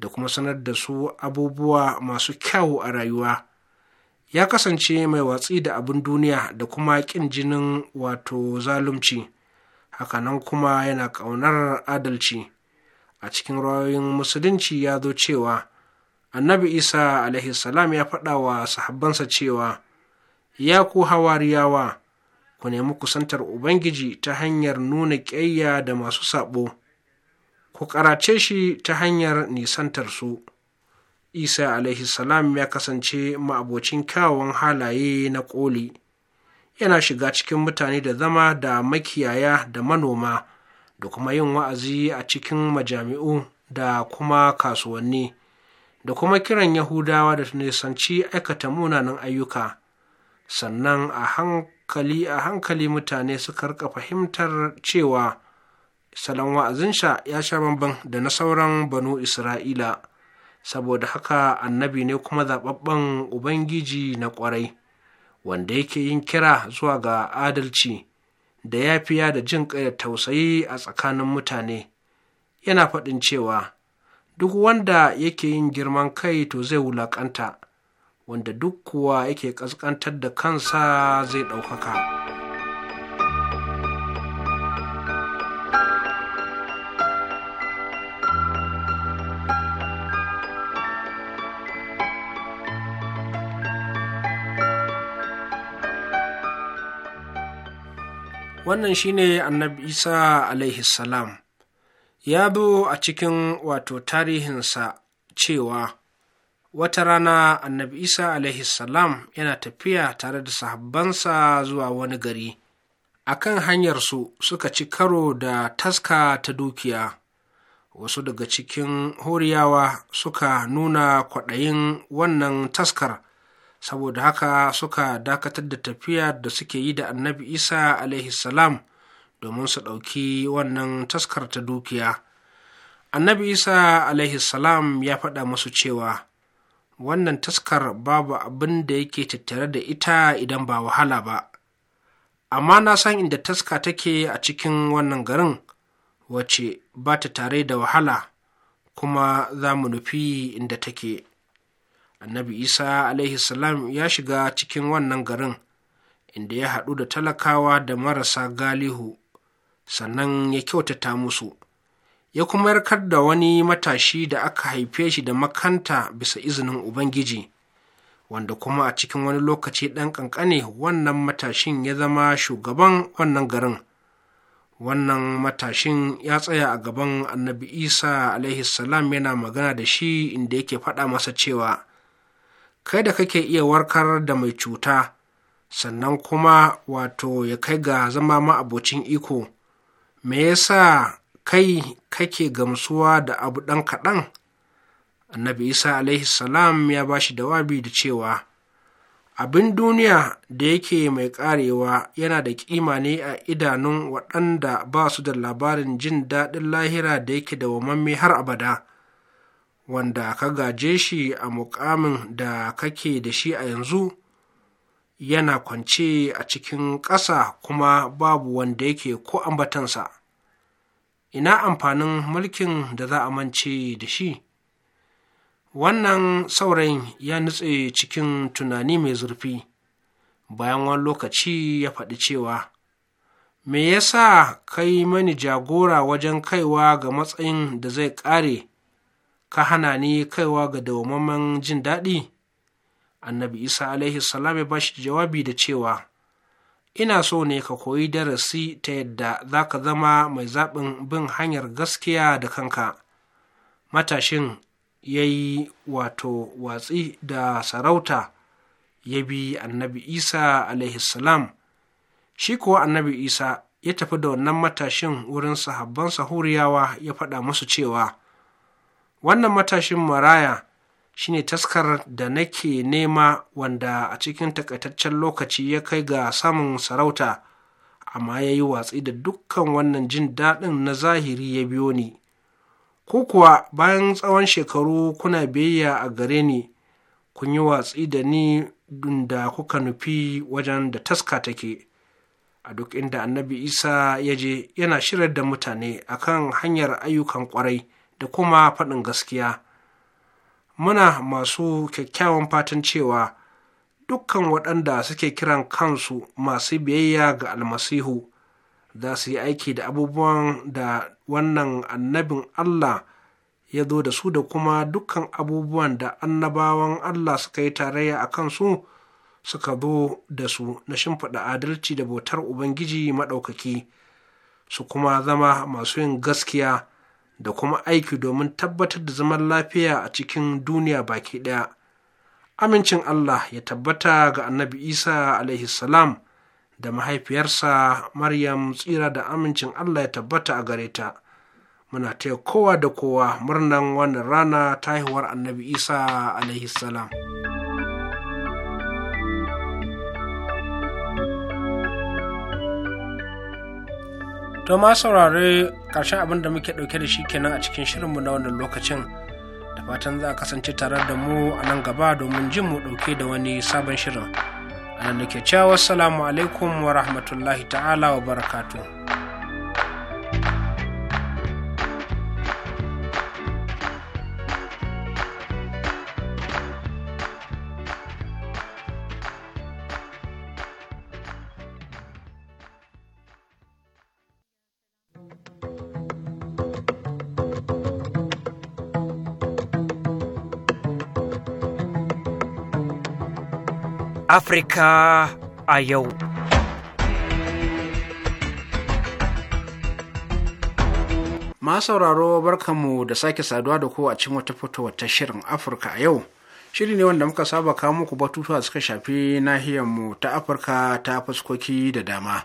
da kuma sanar da su abubuwa masu kyawu a rayuwa ya kasance mai watsi da abin duniya da kuma ƙin jinin wato zalunci hakanan kuma yana ƙaunar adalci a cikin rayoyin musulunci ya zo cewa annabi isa alaihi salam ya faɗa wa sahabbansa cewa ya ku hawariyawa ku nemi kusantar ubangiji ta hanyar nuna ƙyayya da masu saɓo ku karace shi ta hanyar nisantar su isa alaihi salam ya kasance ma'abocin kyawawan halaye na koli yana shiga cikin mutane da zama da makiyaya da manoma da kuma yin wa'azi a cikin majami'u da kuma kasuwanni da kuma kiran yahudawa da nisanci aikata munanan ayyuka sannan a hankali a hankali mutane suka rika fahimtar cewa salon wa'azinsa ya sha bamban da na sauran banu isra'ila saboda haka annabi ne kuma zaɓaɓɓen ubangiji na ƙwarai wanda yake yin kira zuwa ga adalci da yafiya da jin ƙaya tausayi a tsakanin mutane yana faɗin cewa duk wanda yake yin girman kai to zai wulaƙanta wanda duk kuwa yake ƙasƙantar da kansa zai ɗaukaka. wannan shine annabi isa alaihi salam ya zo a cikin wato tarihinsa cewa wata rana annabi isa alaihi salam yana tafiya tare da sahabbansa zuwa wani gari A akan hanyarsu suka ci karo da taska ta dukiya wasu daga cikin horiyawa suka nuna kwaɗayin wannan taskar saboda haka suka dakatar da tafiya da suke yi da annabi isa alaihi salam domin su ɗauki wannan taskar ta dukiya annabi isa alaihi salam ya faɗa musu cewa wannan taskar babu abin da yake tattare da ita idan ba wahala ba amma na san inda taska take a cikin wannan garin wace ba ta tare da wahala kuma za mu nufi inda take annabi isa alaihi salam ya shiga cikin wannan garin inda ya haɗu da talakawa da marasa galihu sannan ya kyautata musu ya kuma yarkar da wani matashi da aka haife shi da makanta bisa izinin ubangiji wanda kuma a cikin wani lokaci ɗan ƙanƙane wannan matashin ya zama shugaban wannan garin wannan matashin ya tsaya a gaban annabi isa alaihi salam yana magana da shi inda yake faɗa masa cewa kai da kake iya warkar da mai cuta sannan kuma wato ya kai ga zama ma'abocin iko me yasa kai kake gamsuwa da abu ɗan kaɗan annabi isa alaihi salam ya ba shi dawabi da cewa abin duniya da yake mai ƙarewa yana da ƙima ne a idanun waɗanda ba su da labarin jin daɗin lahira da yake da dawamamme har abada wanda ka gaje shi a mukamin da kake da shi a yanzu yana kwance a cikin ƙasa kuma babu wanda yake ko ambatansa ina amfanin mulkin da za a mance da shi wannan saurayin ya nutse cikin tunani mai zurfi bayan wani lokaci ya faɗi cewa me yasa kai mani jagora wajen kaiwa ga matsayin da zai ƙare ka hana ni kaiwa ga dawwammamen jin daɗi annabi isa alaihi salam ya ba shi jawabi da cewa ina so ne ka koyi darasi ta yadda za ka zama mai zaɓin bin hanyar gaskiya da kanka matashin ya yi wato watsi da sarauta ya bi annabi isa salam shi kuwa annabi isa ya tafi da wannan matashin wurin sahabban sahuriyawa ya faɗa musu cewa wannan matashin maraya shine taskar da nake nema wanda a cikin takaitaccen lokaci ya kai ga samun sarauta amma ya yi watsi da dukkan wannan jin daɗin na zahiri ya biyo ni ko kuwa bayan tsawon shekaru kuna biyayya a gare ni kun yi watsi da ni da kuka nufi wajen da taska take a duk inda annabi isa ya je yana shirar da mutane akan hanyar ayyukan kwarai da kuma faɗin gaskiya muna masu kyakkyawan fatan cewa dukkan waɗanda suke kiran kansu masu biyayya ga almasihu za su yi aiki da abubuwan da wannan annabin allah ya zo da su da kuma dukkan abubuwan da annabawan allah suka yi tarayya a kansu suka zo da su na shimfiɗa adalci da bautar ubangiji maɗaukaki su kuma zama masu yin gaskiya da kuma aiki domin tabbatar da zaman lafiya a cikin duniya baki ɗaya. Amincin Allah ya tabbata ga annabi Isa alaihi salam da mahaifiyarsa Maryam tsira da amincin Allah ya tabbata a gare ta. Muna taya kowa da kowa murnan wannan rana ta haihuwar annabi Isa alaihi salam. to ma saurare karshen abin da muke ɗauke da shi kenan a cikin shirinmu na wannan lokacin da fatan za a kasance tare da mu a nan gaba domin jin mu ɗauke da wani sabon shirin a nan da ke cewa salamu alaikum wa rahmatullahi ta'ala wa barakatuh Afrika a yau. Ma sauraro barkanmu da sake saduwa da ku a cikin wata fitowar ta shirin Afirka a yau. Shiri ne wanda muka saba kawo muku batutuwa suka shafi nahiyarmu ta Afirka ta fuskoki da dama.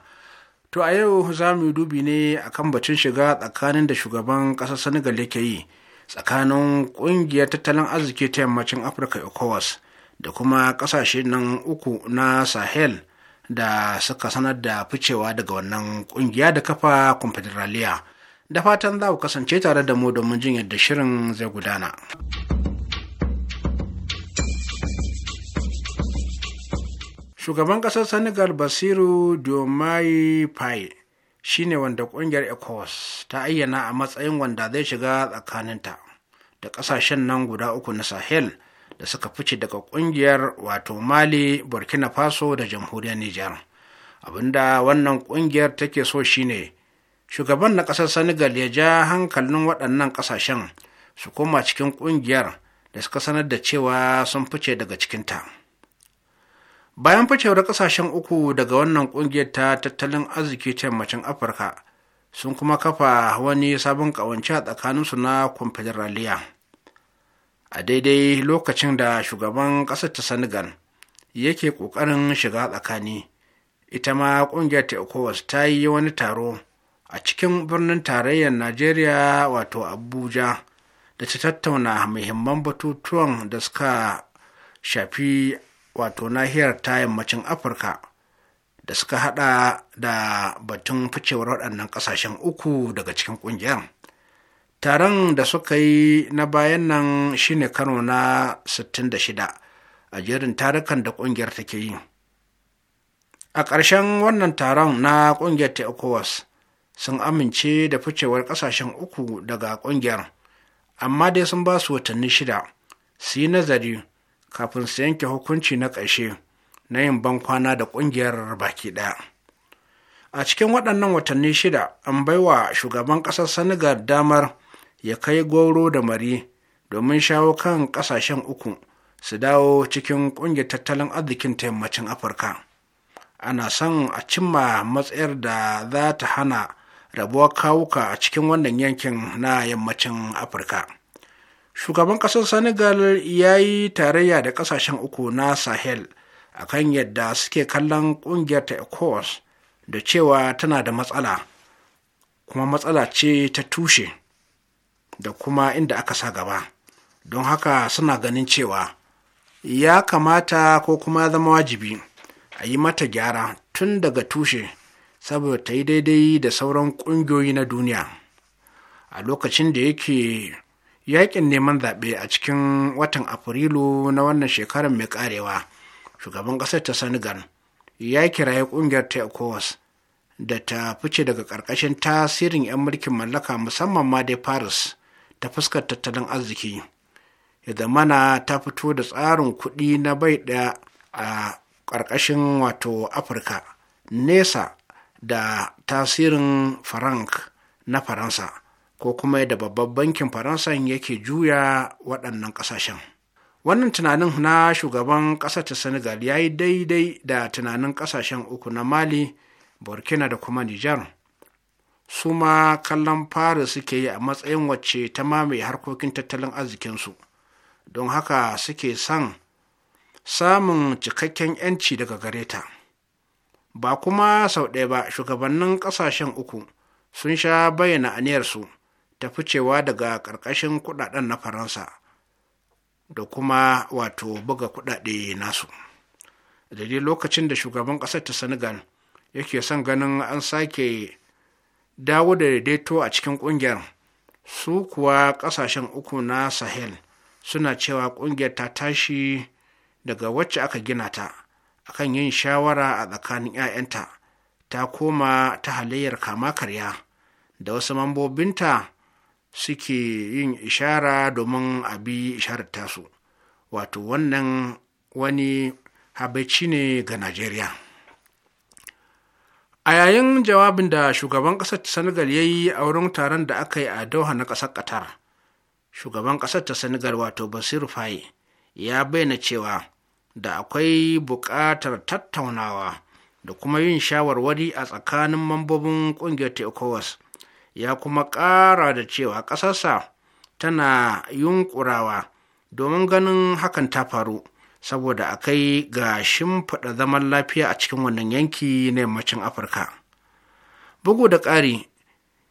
To a yau za mu yi dubi ne a kan batun shiga tsakanin da shugaban ƙasar Senegal yake yi tsakanin ƙungiyar tattalin arziki ta yammacin Afirka ECOWAS. da kuma ƙasashe nan uku na sahel da suka sanar da ficewa daga wannan ƙungiya da kafa confederalia da fatan za ku kasance tare da mu domin jin yadda shirin zai gudana. shugaban ƙasar senegal basiru diomaye pai shine wanda ƙungiyar ecowas ta ayyana a matsayin wanda zai shiga tsakaninta da ƙasashen nan guda uku na sahel da suka fice daga kungiyar wato mali burkina faso da jamhuriyar Niger, abinda wannan kungiyar take so shine shugaban na ƙasar senegal ya ja hankalin waɗannan ƙasashen su koma cikin kungiyar da suka sanar da cewa sun fice daga cikinta bayan ficewar ƙasashen uku daga wannan kungiyar ta tattalin arziki ta yammacin afirka sun kuma kafa wani sabon ƙawance a tsakaninsu na confederaliya a daidai lokacin da shugaban ƙasar ta senegal yake ƙoƙarin shiga tsakani ita ma ƙungiyar ta ecowas ta yi wani taro a cikin birnin tarayyar najeriya wato abuja da ta tattauna muhimman batutuwan da suka shafi wato nahiyar ta yammacin afirka da suka hada da batun ficewar waɗannan ƙasashen uku daga cikin ƙungiyar. taron da suka yi na bayan nan shine karo na 66 a jerin tarukan da ƙungiyar take yi a ƙarshen wannan taron na ƙungiyar ta ecowas sun amince da ficewar ƙasashen uku daga ƙungiyar amma dai sun ba su watanni shida su yi nazari kafin su yanke hukunci na ƙarshe na yin ban kwana da ƙungiyar baki ɗaya a cikin waɗannan watanni shida an baiwa shugaban ƙasar senegal damar ya kai goro da mari domin shawo kan ƙasashen uku su dawo cikin ƙungiyar tattalin arzikin ta yammacin afirka ana son a cimma matsayar da za ta hana rabuwar kawuka a cikin wannan yankin na yammacin afirka shugaban ƙasar senegal ya yi tarayya da ƙasashen uku na sahel a kan yadda suke kallon ƙungiyar ta ecos da cewa tana da matsala kuma matsala ce ta tushe da kuma inda aka sa gaba don haka suna ganin cewa ya kamata ko kuma zama wajibi a yi mata gyara tun daga tushe saboda ta yi daidai da sauran ƙungiyoyi na duniya a lokacin da yake yakin neman zaɓe a cikin watan afrilu na wannan shekarar mai karewa shugaban ƙasar ta senegal ya kiraye ƙungiyar ta ecowas da ta fice daga ƙarƙashin tasirin 'yan mulkin mallaka musamman ma dai paris ta fuskar tattalin arziki ya zamana ta fito da tsarin kuɗi na bai ɗaya a ƙarƙashin wato afirka nesa da tasirin frank na faransa ko kuma da babban bankin faransa yake juya waɗannan ƙasashen wannan tunanin na shugaban ƙasar ta senegal ya yi daidai da tunanin ƙasashen uku na mali burkina da kuma nijar su ma kallon fara suke yi a matsayin wacce ta mamaye harkokin tattalin arzikinsu don haka suke son samun cikakken 'yanci daga gare ta ba kuma sau ɗaya ba shugabannin ƙasashen uku sun sha bayyana aniyarsu ta ficewa daga ƙarƙashin kuɗaɗen na faransa da kuma wato buga kuɗaɗe nasu da lokacin da shugaban ƙasar ta senegal yake son ganin an sake dawo da daidaito a cikin ƙungiyar su kuwa ƙasashen uku na sahel suna cewa ƙungiyar ta tashi daga wacce aka gina ta akan yin shawara a tsakanin 'ya'yanta ta koma ta halayyar kama karya da wasu mambobinta suke yin ishara domin a bi isharar tasu wato wannan wani habaici ne ga najeriya a yayin jawabin da shugaban ƙasar senegal ya yi a wurin taron da aka yi a doha na ƙasar qatar shugaban ƙasar ta senegal wato basiru faye ya bayyana cewa da akwai buƙatar tattaunawa da kuma yin shawarwari a tsakanin mambobin ƙungiyar ecowas ya kuma ƙara da cewa ƙasarsa tana yunkurawa domin ganin hakan ta faru saboda a kai ga shimfiɗa zaman lafiya a cikin wannan yanki na yammacin afirka bugu da ƙari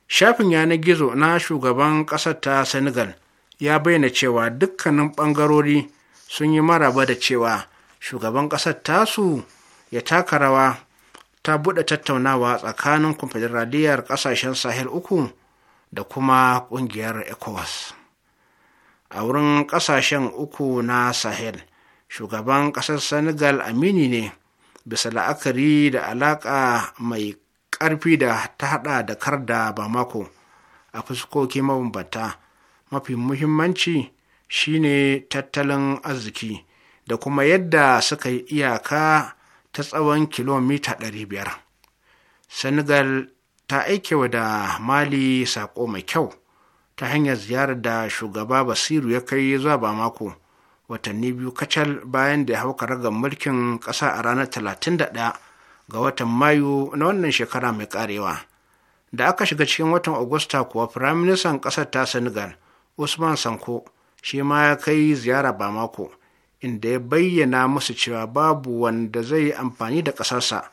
shafin yanar gizo na shugaban ƙasar ta senegal ya bayyana cewa dukkanin ɓangarori sun yi maraba da cewa shugaban ƙasar tasu ya taka rawa ta buɗe tattaunawa tsakanin confederaliyar ƙasashen sahel uku da kuma ƙungiyar ecowas a wurin ƙasashen uku na sahel shugaban ƙasar senegal amini ne bisa la'akari da alaƙa mai ƙarfi da ta haɗa da kar da bamako a fuskoki mabambanta mafi muhimmanci shine tattalin arziki da kuma yadda suka yi iyaka ta tsawon kilomita 500 senegal ta wa da mali sako mai kyau ta hanyar ziyarar da shugaba basiru ya kai zuwa bamako watanni biyu kacal bayan da ya hau karagar mulkin ƙasa a ranar 31 ga watan mayu na wannan shekara mai karewa da aka shiga cikin watan agusta kuwa firaministan ƙasar ta senegal usman sanko shi ma ya kai ziyara ba mako inda ya bayyana musu cewa babu wanda zai yi amfani da ƙasarsa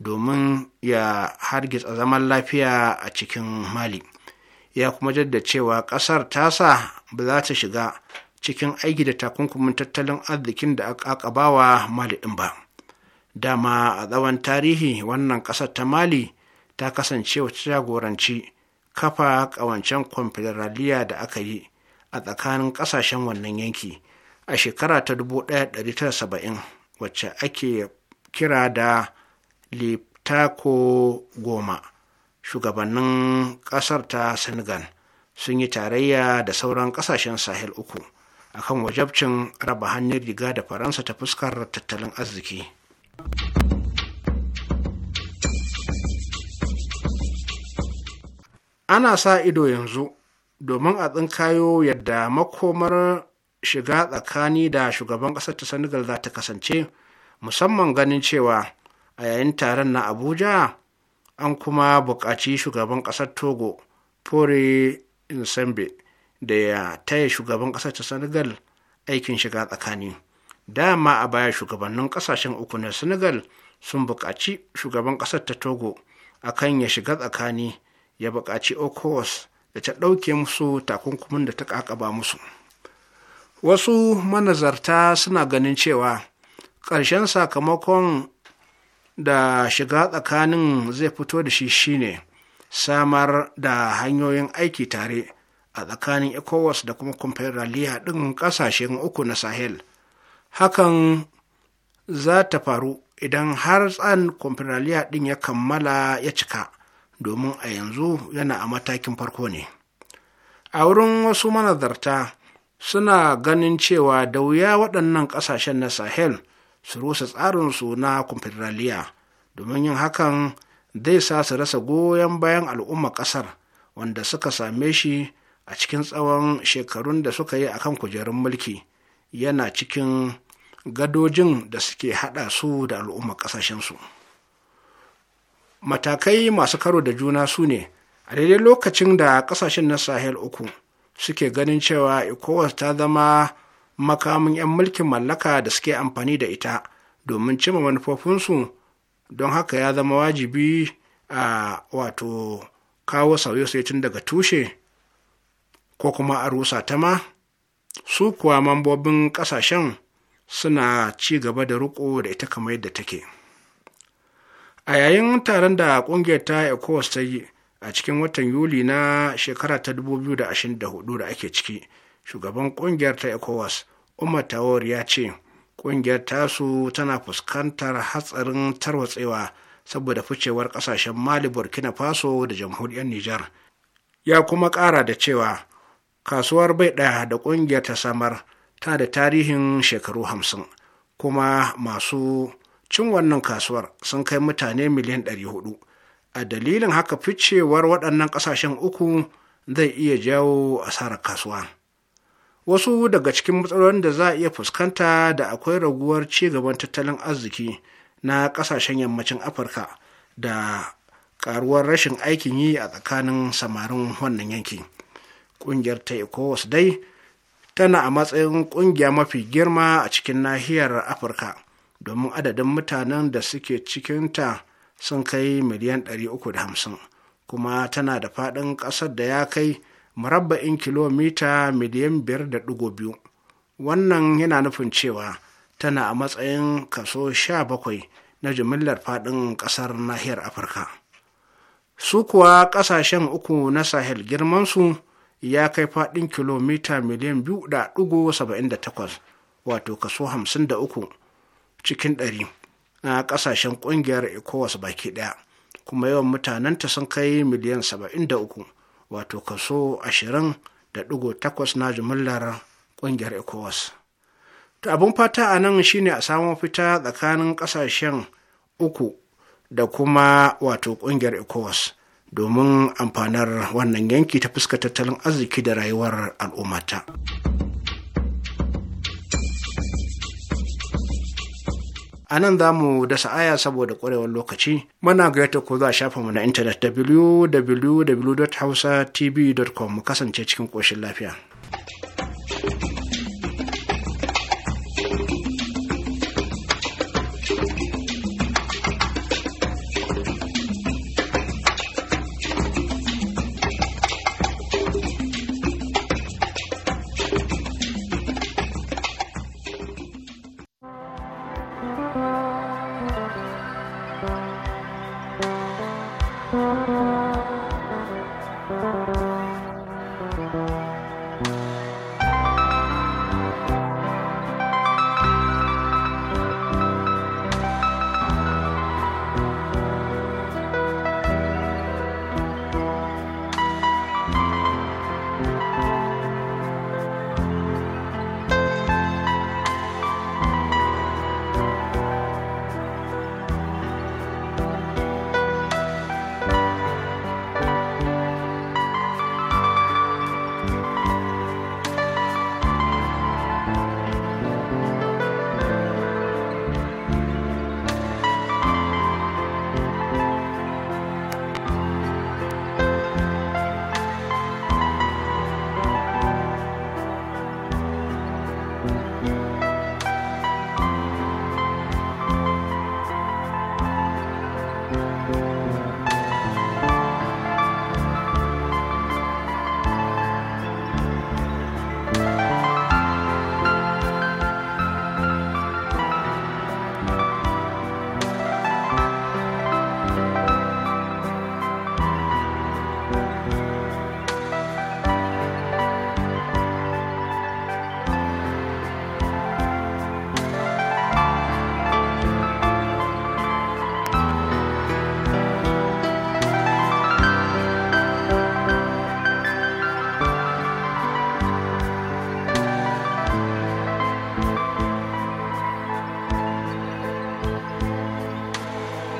domin ya hargitsa zaman lafiya a cikin mali ya kuma jaddacewa cewa ƙasar tasa ba za ta shiga cikin aiki da takunkumin tattalin arzikin da aka bawa mali ɗin ba dama a tsawon tarihi wannan ƙasar ta mali ta kasance wata jagoranci kafa ƙawancen kwamfederaliya da aka yi a tsakanin ƙasashen wannan yanki a shekara ta 1970 wacce ake kira da liptako goma shugabannin ƙasar ta senegal sun yi tarayya da sauran ƙasashen sahel uku akan wajabcin raba hannun riga da faransa ta fuskar tattalin arziki ana sa ido yanzu domin a tsinkayo yadda makomar shiga tsakani da shugaban ƙasar ta senegal za ta kasance musamman ganin cewa a yayin taron na abuja an kuma buƙaci shugaban ƙasar togo fore nsembe da ya taya shugaban ƙasar ta senegal aikin shiga tsakani dama a baya shugabannin ƙasashen uku na senegal sun buƙaci shugaban ƙasar ta togo a kan ya shiga tsakani ya buƙaci okos da ta ɗauke musu takunkumin da ta ƙaƙaba musu wasu manazarta suna ganin cewa ƙarshen sakamakon da shiga tsakanin zai fito da shi shine samar da hanyoyin aiki tare a tsakanin ecowas da kuma confederalia ɗin ƙasashen uku na sahel hakan za ta faru idan har tsan confederalia ɗin ya kammala ya cika domin a yanzu yana a matakin farko ne a wurin wasu manazarta suna ganin cewa da wuya waɗannan ƙasashen na sahel su rusa tsarinsu na confederalia domin yin hakan zai sa su rasa goyon bayan al'ummar ƙasar wanda suka same shi a cikin tsawon shekarun da suka yi akan kujerun mulki yana cikin gadojin da suke hada su da al'ummar kasashensu matakai masu karo da juna su ne a daidai lokacin da kasashen na sahel uku suke ganin cewa ecowas ta zama makamin 'yan mulkin mallaka da suke amfani da ita domin cima manufofinsu don haka ya zama wajibi a wato kawo sauye-sauye tun daga tushe ko kuma a rusa ta ma su kuwa mambobin ƙasashen suna ci gaba da riko da ita kamar yadda take a yayin taron da ƙungiyar ta ecowas ta yi a cikin watan yuli na shekara ta 2024 da ake ciki shugaban ƙungiyar ta ecowas umar tawar ya ce ƙungiyar tasu tana fuskantar hatsarin tarwatsewa saboda ficewar ƙasashen mali burkina faso da jamhuriyar nijar ya kuma ƙara da cewa kasuwar bai ɗaya da ƙungiyar ta samar ta da tarihin shekaru hamsin kuma masu cin wannan kasuwar sun kai mutane miliyan ɗari hudu a dalilin haka ficewar waɗannan ƙasashen uku zai iya jawo asarar kasuwa wasu daga cikin matsalolin da za a iya fuskanta da akwai raguwar ci gaban tattalin arziki na ƙasashen yammacin afirka da ƙaruwar rashin aikin yi a tsakanin samarin wannan yanki. ƙungiyar ta ecowas dai tana a matsayin ƙungiya mafi girma a cikin nahiyar afirka domin adadin mutanen da suke cikinta sun kai miliyan 350 kuma tana da faɗin ƙasar da ya kai murabba'in kilomita miliyan 5.2 wannan yana nufin cewa tana a matsayin kaso 17 na jimillar faɗin ƙasar nahiyar afirka su kuwa ƙasashen uku na sahel girmansu ya kai faɗin kilomita miliyan 2.78 wato kaso 53 cikin 100 na ƙasashen ƙungiyar ecowas baki ɗaya kuma yawan mutanenta sun kai miliyan 73 wato kaso 20.8 na jumlar ƙungiyar ecowas Ta abin fata a nan shine a samu fita tsakanin ƙasashen uku da kuma wato ƙungiyar ecowas domin amfanar wannan yanki ta fuska tattalin arziki da rayuwar al'ummata. a nan za mu dasa aya saboda ƙwarewar lokaci muna gayyata ko za a shafa mu na intanet www.hausatv.com mu kasance cikin ƙoshin lafiya.